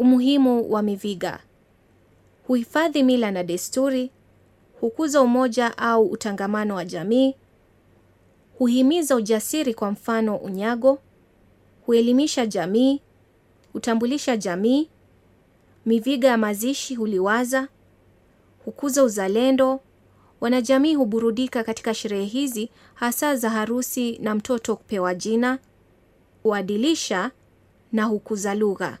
Umuhimu wa miviga: huhifadhi mila na desturi, hukuza umoja au utangamano wa jamii, huhimiza ujasiri, kwa mfano unyago, huelimisha jamii, hutambulisha jamii. Miviga ya mazishi huliwaza, hukuza uzalendo. Wanajamii huburudika katika sherehe hizi, hasa za harusi na mtoto kupewa jina, huadilisha na hukuza lugha.